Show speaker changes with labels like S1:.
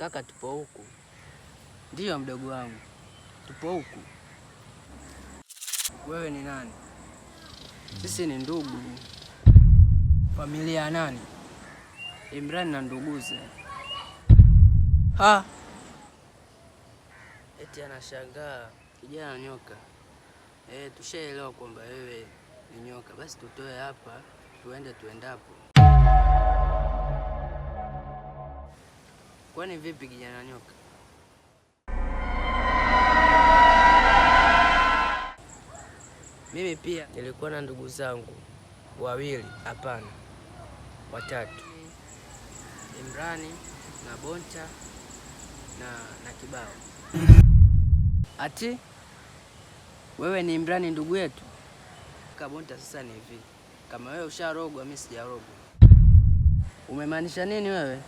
S1: Kaka, tupo huku. Ndiyo mdogo wangu, tupo huku. Wewe ni nani? Sisi ni ndugu. Familia ya nani? imran na nduguze. Ha, eti anashangaa kijana nyoka. E, tushaelewa kwamba wewe ni nyoka, basi tutoe hapa tuende tuendapo. Kwani vipi kijana nyoka? Mimi pia nilikuwa na ndugu zangu wawili, hapana watatu, Imrani na Bonta na, na Kibao. Ati wewe ni Imrani ndugu yetu? Kabonta, sasa ni hivi, kama wewe usharogwa, mimi sijarogwa, umemaanisha nini wewe?